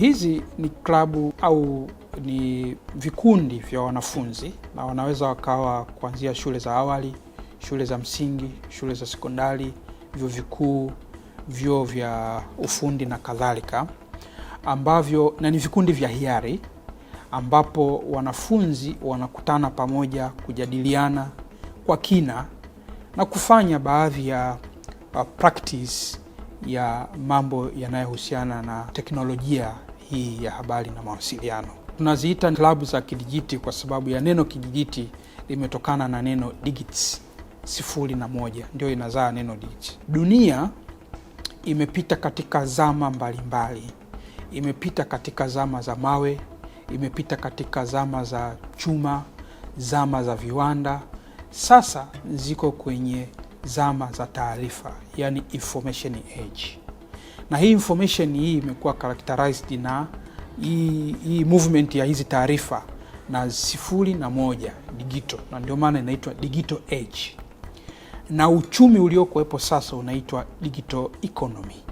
hizi ni klabu au ni vikundi vya wanafunzi, na wanaweza wakawa kuanzia shule za awali, shule za msingi, shule za sekondari, vyo vikuu, vyo vya ufundi na kadhalika, ambavyo na ni vikundi vya hiari ambapo wanafunzi wanakutana pamoja kujadiliana kwa kina na kufanya baadhi ya uh, practice ya mambo yanayohusiana na teknolojia hii ya habari na mawasiliano. Tunaziita klabu za kidijiti kwa sababu ya neno kidijiti limetokana na neno digits, sifuri na moja, ndio inazaa neno dijiti. Dunia imepita katika zama mbalimbali mbali. Imepita katika zama za mawe, imepita katika zama za chuma, zama za viwanda. Sasa ziko kwenye zama za taarifa, yani information age na hii information hii imekuwa characterized na hii, hii movement ya hizi taarifa na sifuri na moja digito, na ndio maana inaitwa digital age, na uchumi uliokuwepo sasa unaitwa digital economy.